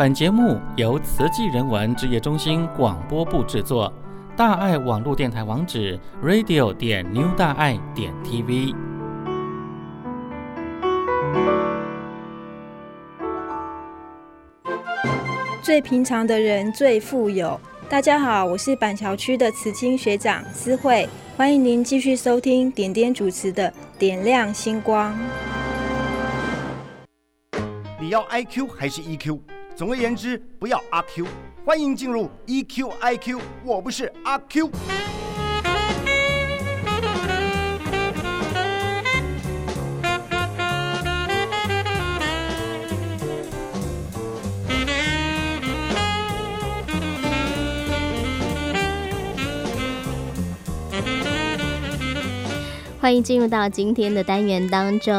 本節目由慈濟人文職業中心廣播部製作。大愛網絡電台網址：radio 點 new 大愛點 tv。最平常的人最富有。大家好，我是板橋區的慈青學長思慧，歡迎您繼續收聽點點主持的《點亮星光》。你要 IQ 還是 EQ？總而言之，不要阿 Q。歡迎進入 EQ IQ，我不是阿 Q。歡迎進入到今天的單元當中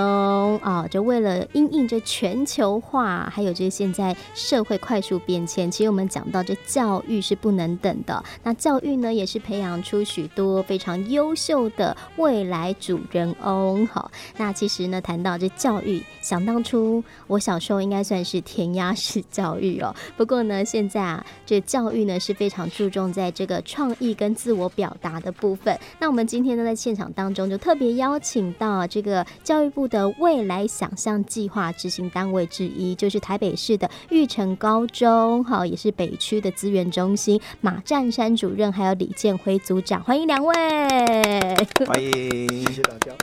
啊、哦，就為了因應這全球化，還有這現在社會快速變遷，其實我們講到這教育是不能等的。那教育呢，也是培養出許多非常優秀的未來主人翁。好、哦，那其實呢，談到這教育，想當初我小時候應該算是填鴨式教育哦。不過呢，現在啊，這教育呢是非常注重在這個創意跟自我表達的部分。那我們今天呢，在現場當中就特。特別邀請到這個教育部的未來想象計劃執行單位之一，就是台北市的育成高中，哈，也是北區的資源中心馬占山主任，還有李健輝組長，歡迎兩位，歡迎，謝謝大家。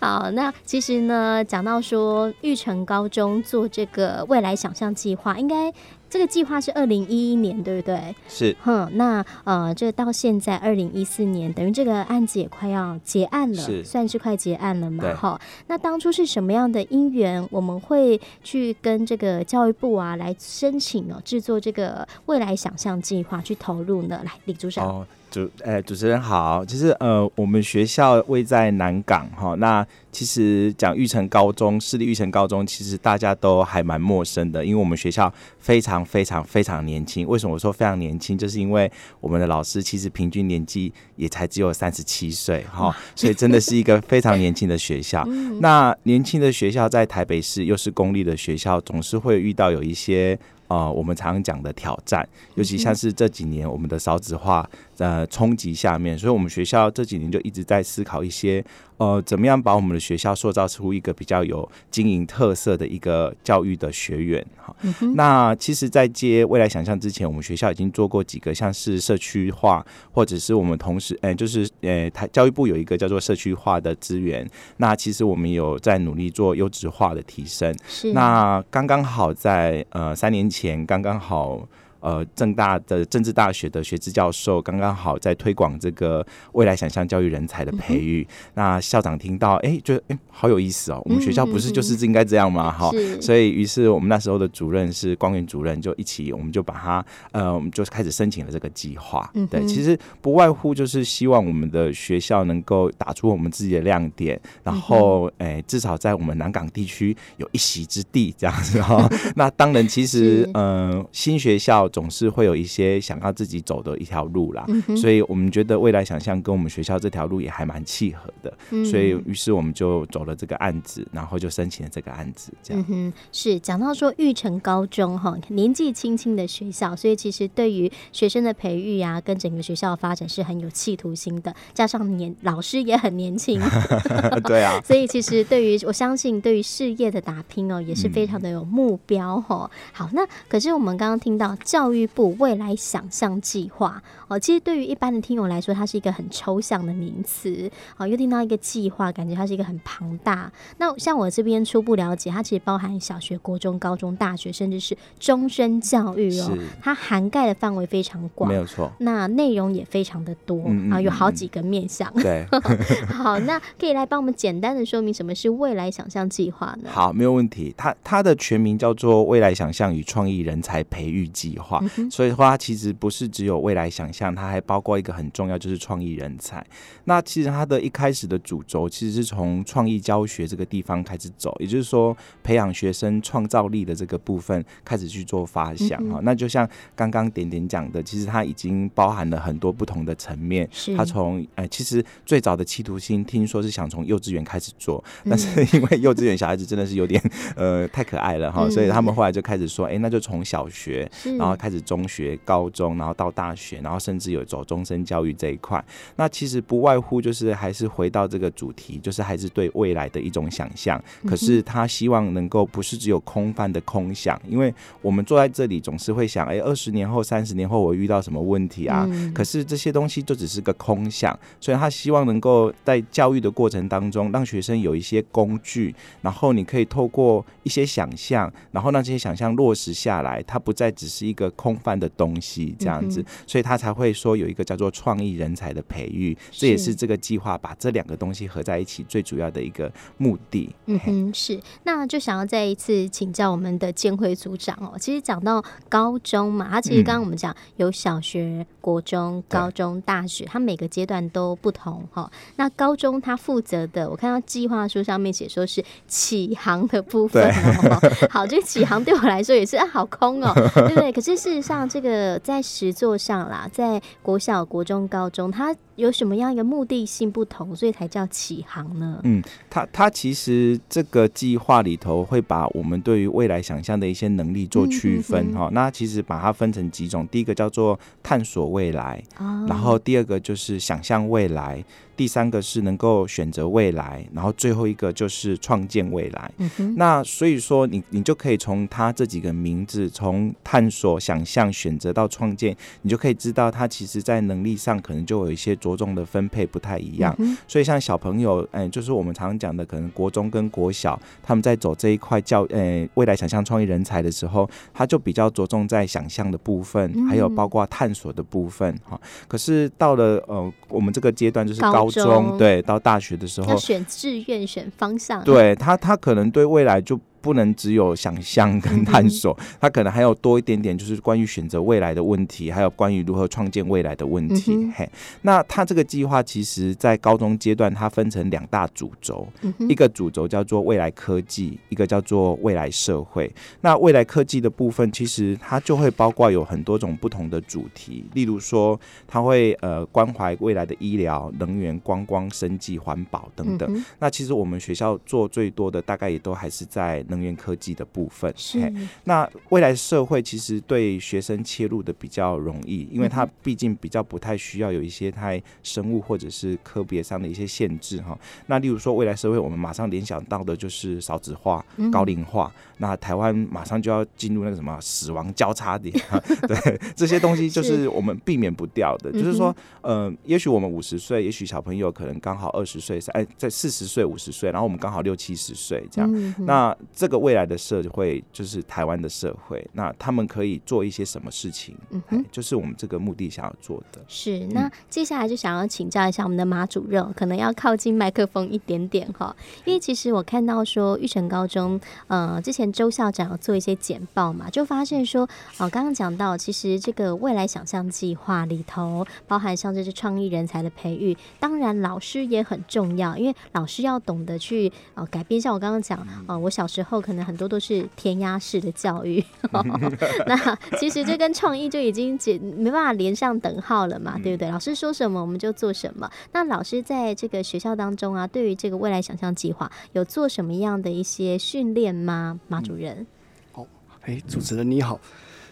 好，那其實呢，講到說育成高中做這個未來想象計劃，應該。這個計劃是二零一一年，對不對？是。哼，那呃，這到現在二零一四年，等於這個案子也快要結案了，是算是快結案了嘛？哈對，那當初是什麼樣的因緣，我們會去跟這個教育部啊來申請哦，制作這個未來想象計劃去投入呢？來，李組長。哦.主誒、欸，主持人好。其實呃，我們學校位在南港哈、哦。那其實講育成高中，市立育成高中，其實大家都還蠻陌生的，因為我們學校非常非常非常年輕。為什麼我說非常年輕？就是因為我們的老師其實平均年紀也才只有三十七歲哈，哦嗯、所以真的是一個非常年輕的學校。 那年輕的學校在台北市又是公立的學校，總是會遇到有一些呃我們常，常講的挑戰，尤其像是這幾年我們的少子化。呃，衝擊下面，所以我們學校這幾年就一直在思考一些，呃，怎麼樣把我們的學校塑造出一個比較有經營特色的、一個教育的學院哈。嗯、哼那其實，在接未來想象之前，我們學校已經做過幾個，像是社區化，或者是我們同時，嗯、欸，就是呃，台、欸、教育部有一個叫做社區化的資源。那其實我們有在努力做優質化的提升。是。那剛剛好在呃三年前，剛剛好。呃，政大的政治大學的學資教授剛剛好在推廣這個未來想象教育人才的培育。嗯、哼那校長聽到，哎、欸，覺得哎好有意思哦，嗯、哼我們學校不是就是應該這樣嗎？哈，所以於是我們那時候的主任是光雲主任，就一起，我們就把他，呃，我們就開始申請了這個計劃。嗯、哼對，其實不外乎就是希望我們的學校能夠打出我們自己的亮點，然後，哎、嗯哼欸，至少在我們南港地區有一席之地這樣子哈、哦。 那當然，其實，嗯是、呃，新學校。總是會有一些想要自己走的一條路啦，嗯、哼所以我們覺得未來想象跟我們學校這條路也還蠻契合的，嗯、所以於是我們就走了這個案子，然後就申請了這個案子。這樣，嗯、是講到說育成高中哈，年紀輕輕的學校，所以其實對於學生的培育啊，跟整個學校的發展是很有企圖心的。加上年老師也很年輕， 對啊， 所以其實對於我相信對於事業的打拼哦，也是非常的有目標哈。嗯、好，那可是我們剛剛聽到教教育部未來想象計劃哦，其實對於一般的聽友來說，它是一個很抽象的名詞。哦，又聽到一個計劃，感覺它是一個很龐大。那像我這邊初步了解，它其實包含小學、國中、高中、大學，甚至是終身教育哦。是它涵蓋的範圍非常廣，沒有錯。那內容也非常的多啊，嗯、有好幾個面向。嗯、 對。 好，那可以來幫我們簡單的說明什麼是未來想象計劃呢？好，沒有問題。它它的全名叫做未來想象與創意人才培育計劃。嗯、所以的話，其實不是只有未來想象，它還包括一個很重要，就是創意人才。那其實他的一開始的主軸其實是從創意教學這個地方開始走，也就是說，培養學生創造力的這個部分開始去做發想哈、嗯哼哦，那就像剛剛點點講的，其實它已經包含了很多不同的層面。是他從哎、呃，其實最早的企圖心，聽說是想從幼稚園開始做，嗯、但是因為幼稚園小孩子真的是有點 呃太可愛了哈，哦嗯、所以他們後來就開始說，哎、欸，那就從小學，然、哦、後。開始中學、高中，然後到大學，然後甚至有走終身教育這一塊。那其實不外乎就是還是回到這個主題，就是還是對未來的一種想象。可是他希望能夠不是只有空泛的空想，因為我們坐在這裡總是會想：哎，二十年後、三十年後我遇到什麼問題啊？嗯、可是這些東西就只是個空想。所以他希望能夠在教育的過程當中，讓學生有一些工具，然後你可以透過一些想象，然後讓這些想象落實下來，它不再只是一個。一個空泛的東西這樣子，嗯、哼所以他才會說有一個叫做創意人才的培育，是這也是這個計劃把這兩個東西合在一起最主要的一個目的。嗯哼，嘿是,那就想要再一次請教我們的健輝組長哦。其實講到高中嘛,他其實剛剛我們講有小學、嗯、國中、高中、對大學，他每個階段都不同哈、哦。那高中他負責的，我看到計劃書上面寫說是啟航的部分、哦。對 好，這個啟航對我來說也是、啊、好空哦， 對不對？可是。其實事實上，這個在實作上啦，在國小、國中、高中，他。有什麼樣一個目的性不同，所以才叫啟航呢？嗯，他他其實這個計劃裡頭會把我們對於未來想象的一些能力做區分哈。嗯、哼哼，那其實把它分成幾種，第一個叫做探索未來，哦、然後第二個就是想象未來，第三個是能夠選擇未來，然後最後一個就是創建未來。嗯哼。那所以說你你就可以從他這幾個名字，從探索、想象、選擇到創建，你就可以知道他其實在能力上可能就有一些着重的分配不太一樣，嗯、哼所以像小朋友，嗯，就是我們常講的，可能國中跟國小，他們在走這一塊教，呃，未來想象創意人才的時候，他就比較着重在想象的部分，嗯、還有包括探索的部分，哈、啊。可是到了呃，我們這個階段就是高中，高中對，到大學的時候要選志願、選方向、啊，對他，他可能對未來就。不能只有想象跟探索，它、嗯、哼可能還有多一點點，就是關於選擇未來的問題，還有關於如何創建未來的問題。嗯、哼嘿，那它這個計劃其實，在高中階段，它分成兩大主軸，嗯、哼一個主軸叫做未來科技，一個叫做未來社會。那未來科技的部分，其實它就會包括有很多種不同的主題，例如說，它會呃關懷未來的醫療、能源、觀光、生技、環保等等。嗯、哼那其實我們學校做最多的，大概也都還是在。能源科技的部分，是、嗯、哼那未來社會其實對學生切入的比較容易，因為它畢竟比較不太需要有一些太生物或者是科別上的一些限制哈。那例如說未來社會，我們馬上聯想到的就是少子化、高齡化，嗯、哼那台灣馬上就要進入那個什麼死亡交叉點，嗯、哼對，這些東西就是我們避免不掉的。嗯、哼就是說，呃，也許我們五十歲，也許小朋友可能剛好二十歲，哎、在四十歲、五十歲，然後我們剛好六七十歲這樣，嗯、哼那。這個未來的社會就是台灣的社會，那他們可以做一些什麼事情？嗯哼，就是我們這個目的想要做的。是，那接下來就想要請教一下我們的馬主任，可能要靠近麥克風一點點哈，因為其實我看到說育成高中，呃，之前周校長要做一些簡報嘛，就發現說，哦、呃，剛剛講到，其實這個未來想象計劃裡頭，包含像這些創意人才的培育，當然老師也很重要，因為老師要懂得去，呃，改變。像我剛剛講，哦、呃，我小時候。後可能很多都是填鴨式的教育，呵呵 那其實這跟創意就已經解沒辦法連上等號了嘛，對不對？老師說什麼我們就做什麼。那老師在這個學校當中啊，對於這個未來想象計劃有做什麼樣的一些訓練嗎？馬主任？嗯、哦，哎，主持人你好。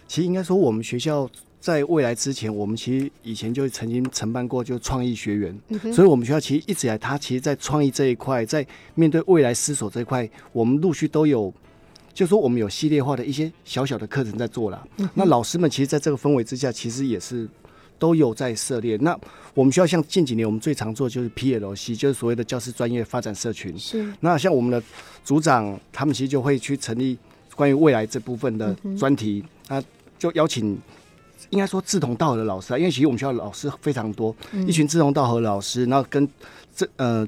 其實應該說我們學校。在未來之前，我們其實以前就曾經承辦過，就是創意學員，嗯、哼所以，我們學校其實一直以來，他其實，在創意這一塊，在面對未來思索這一塊，我們陸續都有，就是、說我們有系列化的一些小小的課程在做了。嗯、哼那老師們其實，在這個氛圍之下，其實也是都有在涉獵。那我們學校像近幾年，我們最常做就是 PLC，就是所謂的教師專業發展社群。是。那像我們的組長，他們其實就會去成立關於未來這部分的專題，那、嗯、哼就邀請。應該說志同道合的老師，因為其實我們學校老師非常多，嗯、一群志同道合老師，然後跟這呃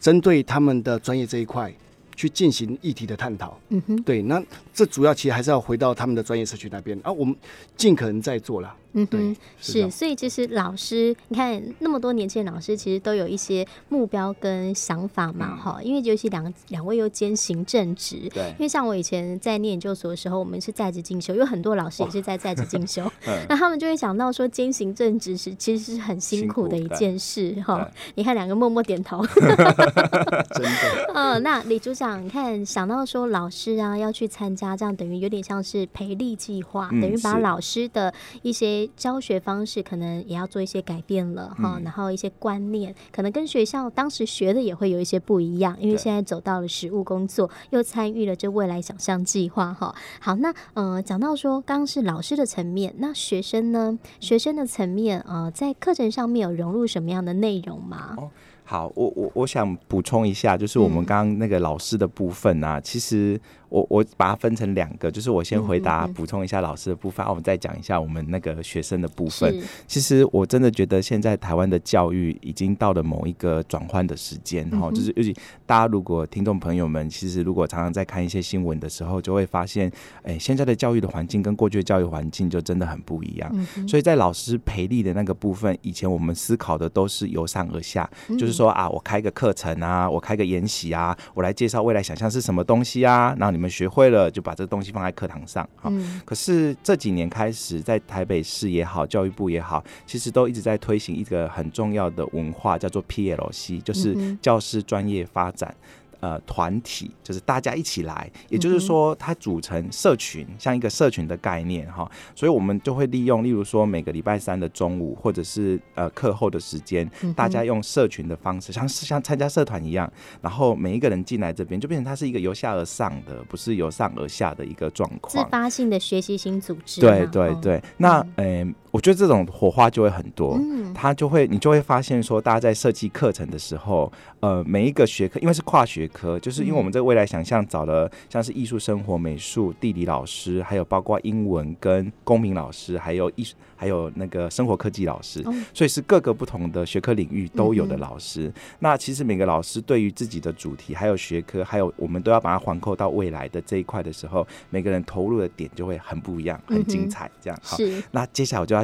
針對他們的專業這一塊去進行議題的探討，嗯哼，對，那這主要其實還是要回到他們的專業社區那邊，而、啊、我們盡可能在做了。嗯哼，是,是，所以其實老師，你看那麼多年輕人老師，其實都有一些目標跟想法嘛，哈、嗯，因為尤其兩個兩位又兼行政職，對，因為像我以前在念研究所的時候，我們是在職進修，有很多老師也是在在職進修，哇 那他們就會想到說正，兼行政職是其實是很辛苦的一件事，哈，哦、對你看兩個默默點頭， 真的，嗯、哦，那李組長你看想到說，老師啊要去參加，這樣等於有點像是培力計劃，嗯、等於把老師的一些。教學方式可能也要做一些改變了哈，嗯、然後一些觀念可能跟學校當時學的也會有一些不一樣，因為現在走到了實務工作，又參與了這未來想象計劃哈。好，那呃，講到說剛剛是老師的層面，那學生呢？學生的層面啊、呃，在課程上面有融入什麼樣的內容嗎？哦好，我我我想補充一下，就是我們剛剛那個老師的部分啊，嗯、其實我我把它分成兩個，就是我先回答補、嗯嗯嗯、充一下老師的部分，嗯嗯嗯哦、我們再講一下我們那個學生的部分。是其實我真的覺得現在台灣的教育已經到了某一個轉換的時間哈、嗯哦，就是尤其大家如果聽眾朋友們，其實如果常常在看一些新聞的時候，就會發現，哎，現在的教育的環境跟過去的教育環境就真的很不一樣。嗯嗯、所以在老師培力的那個部分，以前我們思考的都是由上而下，嗯、就是。說啊，我開個課程啊，我開個研習啊，我來介紹未來想像是什麼東西啊，然後你們學會了就把這個東西放在課堂上，好。嗯，可是這幾年開始，在台北市也好，教育部也好，其實都一直在推行一個很重要的文化，叫做 PLC，就是教師專業發展。嗯呃，團體就是大家一起來，也就是說，它組成社群，嗯、哼像一個社群的概念哈。所以，我們就會利用，例如說，每個禮拜三的中午，或者是呃課後的時間，嗯、哼大家用社群的方式，像像參加社團一樣，然後每一個人進來這邊，就變成它是一個由下而上的，不是由上而下的一個狀況。自發性的學習型組織、啊。對對對，哦、那、呃、嗯。我覺得這種火花就會很多，他、嗯、就會你就會發現說，大家在設計課程的時候，呃，每一個學科，因為是跨學科，就是因為我們這個未來想象找了像是藝術、生活、美術、地理老師，還有包括英文跟公民老師，還有藝術還有那個生活科技老師，所以是各個不同的學科領域都有的老師。嗯嗯，那其實每個老師對於自己的主題、還有學科、還有我們都要把它環扣到未來的這一塊的時候，每個人投入的點就會很不一樣，很精彩。這樣好，嗯嗯，那接下來我就要。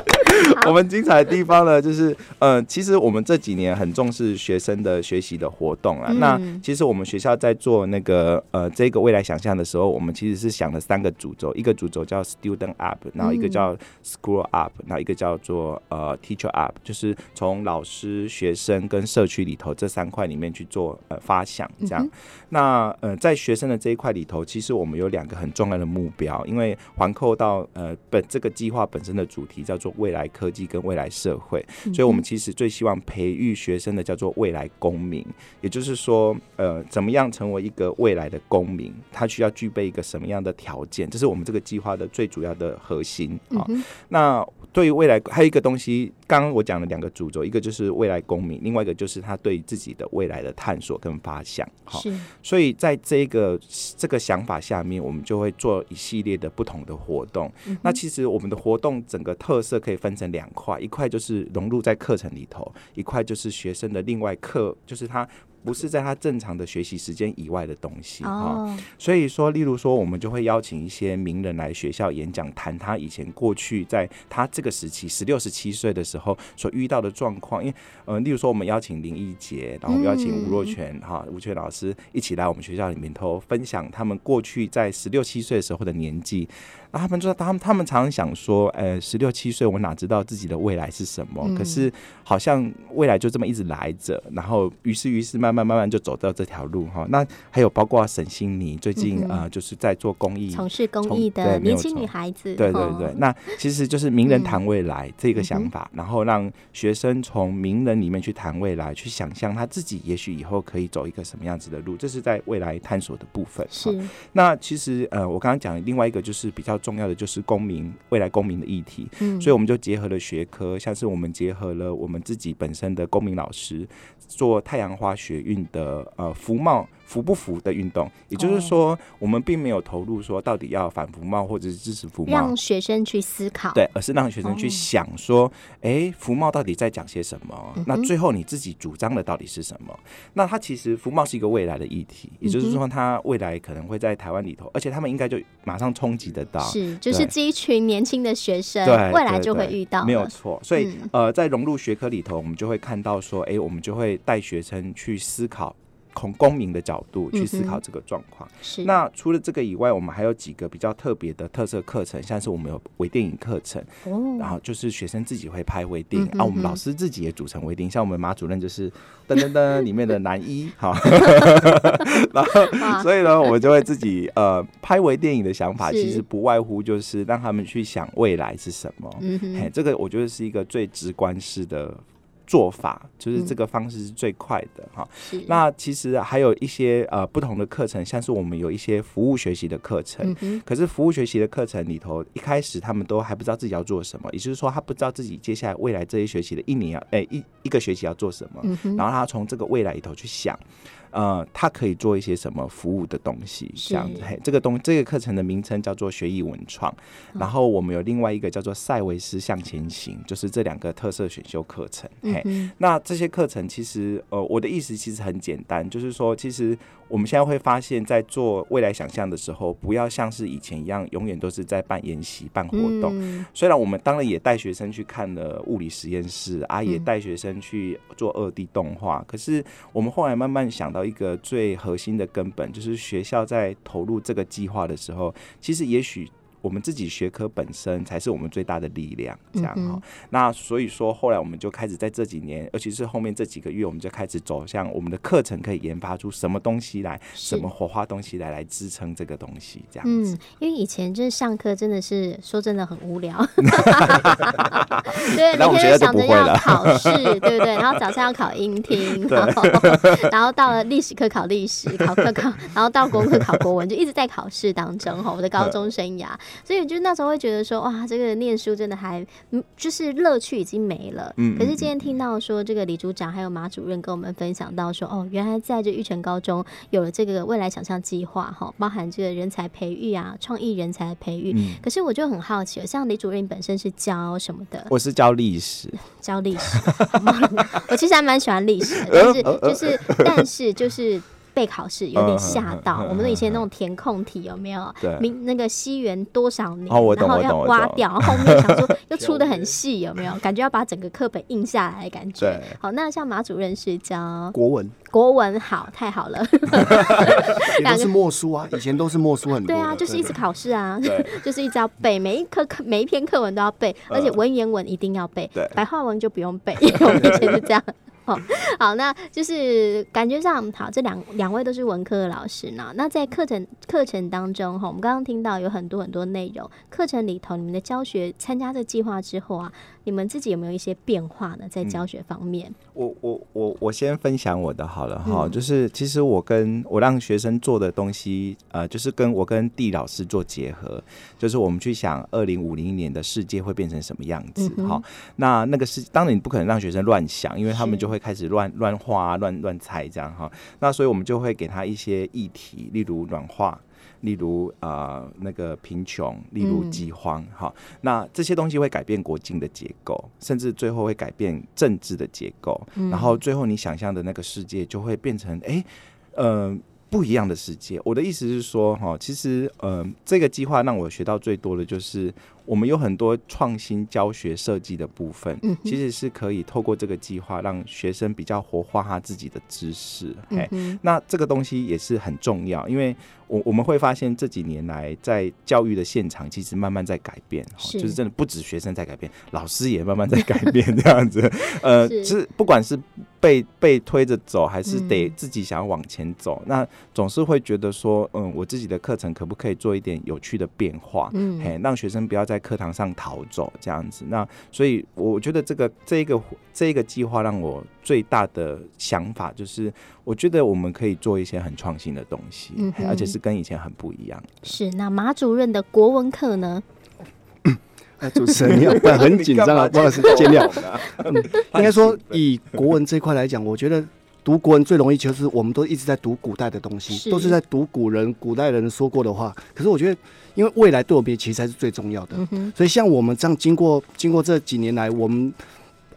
我們精彩的地方呢，就是呃，其實我們這幾年很重視學生的學習的活動啊。嗯、那其實我們學校在做那個呃這個未來想像的時候，我們其實是想了三個主軸，一個主軸叫 Student Up，然後一個叫 School Up，、嗯、然後一個叫做呃 Teacher Up，就是從老師、學生跟社區裡頭這三塊裡面去做呃發想這樣。嗯、哼那呃，在學生的這一塊裡頭，其實我們有兩個很重要的目標，因為環扣到呃本這個計劃本身的主題叫做未來科技。跟未來社會，所以我們其實最希望培育學生的叫做未來公民，也就是說，呃，怎麼樣成為一個未來的公民？他需要具備一個什麼樣的條件？這，就是我們這個計劃的最主要的核心啊。嗯、哼那。對於未來還有一個東西，剛剛我講了兩個主軸，一個就是未來公民，另外一個就是他對自己的未來的探索跟發想。好是、哦，所以在這個這個想法下面，我們就會做一系列的不同的活動。嗯、哼那其實我們的活動整個特色可以分成兩塊，一塊就是融入在課程裡頭，一塊就是學生的另外課，就是他。不是在他正常的學習時間以外的東西哈、哦啊，所以說，例如說，我們就會邀請一些名人來學校演講，談他以前過去在他這個時期十六、十七歲的時候所遇到的狀況。因為，嗯、呃，例如說，我們邀請林義傑，然後我們邀請吳若權、哈、嗯，吳若權老師一起來我們學校裡面頭分享他們過去在十六七歲的時候的年紀。他們知道，他們他們常常想說，呃，十六七歲我哪知道自己的未來是什麼？嗯、可是好像未來就這麼一直來着。然後於是於是慢慢慢慢就走到這條路哈。那還有包括沈芯菱最近嗯嗯呃就是在做公益，從事公益的年輕女孩子，對,對對對。哦、那其實就是名人談未來這個想法，嗯、然後讓學生從名人裡面去談未來，嗯嗯嗯嗯去想象他自己也許以後可以走一個什麼樣子的路，這是在未來探索的部分。是。那其實呃我剛剛講另外一個就是比較。重要的就是公民，未來公民的議題，嗯、所以我們就結合了學科，像是我們結合了我們自己本身的公民老師，做太陽花學運的，呃，服貿。扶不扶的運動，也就是說，我們並沒有投入說到底要反服貿或者是支持服貿，讓學生去思考，對，而是讓學生去想說，哎、哦、欸，服貿到底在講些什麼？嗯、哼那最後你自己主張的到底是什麼？那他其實服貿是一個未來的議題，嗯、哼也就是說，他未來可能會在台灣裡頭，而且他們應該就馬上衝擊得到，是，就是這一群年輕的學生，對，未來就會遇到對對對，沒有錯。所以，嗯、呃，在融入學科裡頭，我們就會看到說，哎、欸，我們就會帶學生去思考。從公民的角度去思考這個狀況。是。那除了這個以外，我們還有幾個比較特別的特色課程，像是我們有微電影課程，哦。然後就是學生自己會拍微電影啊，我們老師自己也組成微電影，像我們馬主任就是噔噔噔裡面的男一，哈。然後，所以呢，我們就會自己呃拍微電影的想法，其實不外乎就是讓他們去想未來是什麼。嗯哼。嘿，這個我覺得是一個最直觀式的。做法，就是這個方式是最快的哈。嗯、那其實還有一些呃不同的課程，像是我們有一些服務學習的課程。嗯、哼可是服務學習的課程裡頭，一開始他們都還不知道自己要做什麼，也就是說他不知道自己接下來未來這一學期的一年要誒、欸，一一個學期要做什麼，嗯、哼然後他從這個未來裡頭去想。呃，它可以做一些什麼服務的東西，這樣子。是嘿，這個東這個課程的名稱叫做學藝文創，然後我們有另外一個叫做賽維斯向前行，就是這兩個特色選修課程。嘿，嗯、哼那這些課程其實，呃，我的意思其實很簡單，就是說，其實我們現在會發現，在做未來想象的時候，不要像是以前一樣，永遠都是在辦研習、辦活動。嗯、雖然我們當然也帶學生去看了物理實驗室啊，也帶學生去做二 D 動畫，嗯、可是我們後來慢慢想到。一個最核心的根本，就是學校在投入這個計劃的時候，其實也許。我們自己學科本身才是我們最大的力量，這樣哈、哦嗯哼。那所以說，後來我們就開始在這幾年，尤其是後面這幾個月，我們就開始走向我們的課程可以研發出什麼東西來，是什麼火花東西來來支撐這個東西，這樣子、嗯。因為以前就是上課真的是說真的很無聊，對，每天就想着要考試，不會了 對不對？然後早上要考英聽，然後，對 然後到了歷史課考歷史，考課考，然後到國課考國文，就一直在考試當中哈、哦。我的高中生涯。 所以就那時候會覺得說，哇，這個念書真的還，嗯、就是樂趣已經沒了。嗯、可是今天聽到說，這個李組長還有馬主任跟我們分享到說，哦，原來在這育成高中有了這個未來想象計劃哈，包含這個人才培育啊，創意人才培育。嗯、可是我就很好奇，像李主任本身是教什麼的？我是教歷史。教歷史？好好 我其實還蠻喜歡歷史的，就是 就是，就是、 但是就是。背考試有點嚇到，我們的以前那種填空題有沒有？對，明那個西元多少年，然後要挖掉，然後後面想說又出的很細，有沒有？感覺要把整個課本印下來的感覺。好，那像馬主任是教國文，國文好，太好了。但是默書啊，以前都是默書很多。對啊，就是一直考試啊，就是一直要背，每一科，課每一篇課文都要背，而且文言文一定要背，白話文就不用背，我們以前就這樣。哦，好，那就是感覺上好，這兩兩位都是文科的老師呢。那在課程課程當中，哈、哦，我們剛剛聽到有很多很多內容。課程裡頭，你們的教學參加這計劃之後啊，你們自己有沒有一些變化呢？在教學方面，嗯、我我我我先分享我的好了哈，哦嗯、就是其實我跟我讓學生做的東西，呃，就是跟我跟 D 老師做結合，就是我們去想二零五零年的世界會變成什麼樣子。哈、嗯哼哦，那那個是當然你不可能讓學生亂想，因為他們就會。會開始亂亂畫、亂亂猜這樣哈，那所以我們就會給他一些議題，例如暖化，例如啊、呃、那個貧窮，例如饑荒哈、嗯，那這些東西會改變國境的結構，甚至最後會改變政治的結構，嗯、然後最後你想象的那個世界就會變成哎，嗯、欸呃、不一樣的世界。我的意思是說哈，其實呃這個計劃讓我學到最多的就是。我們有很多創新教學設計的部分，嗯、哼其實是可以透過這個計劃讓學生比較活化他自己的知識、嗯哼嘿。那這個東西也是很重要，因為我我們會發現這幾年來在教育的現場其實慢慢在改變是，就是真的不止學生在改變，老師也慢慢在改變這樣子。 呃，是其實不管是被被推着走，還是得自己想要往前走，嗯、那總是會覺得說，嗯，我自己的課程可不可以做一點有趣的變化？嗯，嘿，讓學生不要。在課堂上逃走這樣子，那所以我覺得這個這個這個計劃讓我最大的想法就是，我覺得我們可以做一些很創新的東西，嗯、哼而且是跟以前很不一樣。是那馬主任的國文課呢？嗯啊、主持人，你很緊張啊。郭老師見諒、啊。應該說，以國文這一塊來講， 我覺得。讀國文最容易就是，我們都一直在讀古代的東西，是都是在讀古人、古代人說過的話。可是我覺得，因為未來對我們其實才是最重要的。嗯、哼所以像我們這樣，經過經過這幾年來，我們。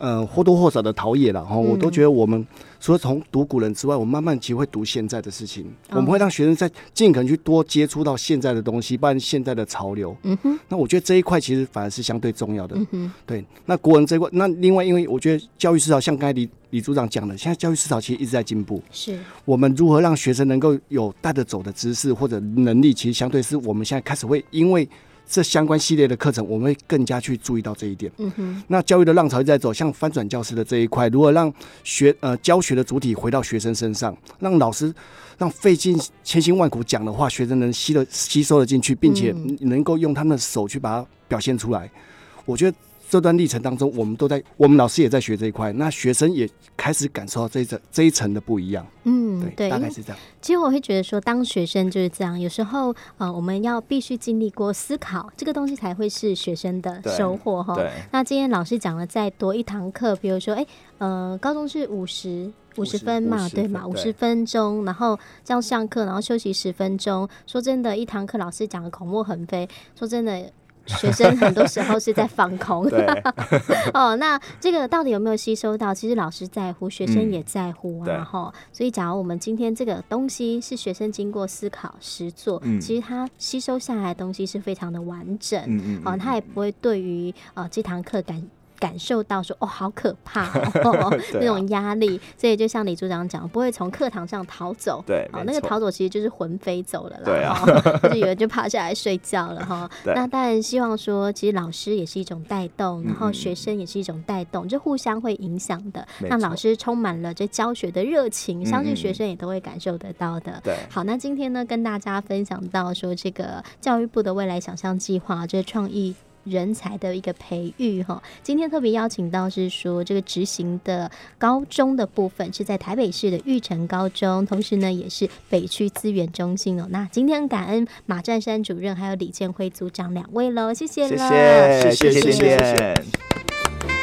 呃，或多或少的陶冶了，哈，我都覺得我們除了從讀古人之外，我們慢慢其實會讀現在的事情。嗯、我們會讓學生在盡可能去多接觸到現在的東西，包括現在的潮流。嗯哼。那我覺得這一塊其實反而是相對重要的。嗯哼。對。那古人這一塊，那另外，因為我覺得教育思潮像剛才李李組長講的，現在教育思潮其實一直在進步。是。我們如何讓學生能夠有帶得走的知識或者能力，其實相對是我們現在開始會因為。這相關系列的課程，我們會更加去注意到這一點。嗯哼那教育的浪潮一直在走，像翻轉教室的這一塊，如何讓學呃教學的主體回到學生身上，讓老師讓費盡千辛萬苦講的話，學生能吸的吸收的進去，並且能夠用他們的手去把它表現出來，嗯、我覺得。這段歷程當中，我們都在，我們老師也在學這一塊，那學生也開始感受到這一層這一層的不一樣。嗯，對，大概是這樣。對，因為，其實我會覺得說，當學生就是這樣，有時候呃，我們要必須經歷過思考，這個東西才會是學生的收穫哈。那今天老師講了再多一堂課，比如說，哎，呃，高中是五十五十，五十分嘛，對嗎，對，五十分鐘，然後這樣上課，然後休息十分鐘。說真的，一堂課老師講得口沫橫飛，說真的。學生很多時候是在放空， 對 哦，那這個到底有沒有吸收到？其實老師在乎，學生也在乎啊，哈、嗯。所以，假如我們今天這個東西是學生經過思考、實作，其實他吸收下來的東西是非常的完整，嗯嗯嗯嗯，哦，他也不會對於呃這堂課感。感受到說哦，好可怕哦， 啊、那種壓力。所以就像李組長講，不會從課堂上逃走。對，好、哦，錯那個逃走其實就是魂飛走了啦，對啊、 就有人就趴下來睡覺了哈。哦、對那當然希望說，其實老師也是一種帶動，然後學生也是一種帶動，嗯嗯就互相會影響的。錯那老師充滿了這教學的熱情，相信、嗯嗯、學生也都會感受得到的。對，好，那今天呢，跟大家分享到說，這個教育部的未來想象計劃，就是創意。人才的一個培育哈，今天特別邀請到是說這個執行的高中的部分是在台北市的育成高中，同時呢也是北區資源中心哦。那今天感恩馬占山主任還有李健輝組長兩位嘍，謝謝，謝謝，謝謝，謝謝。謝謝謝謝。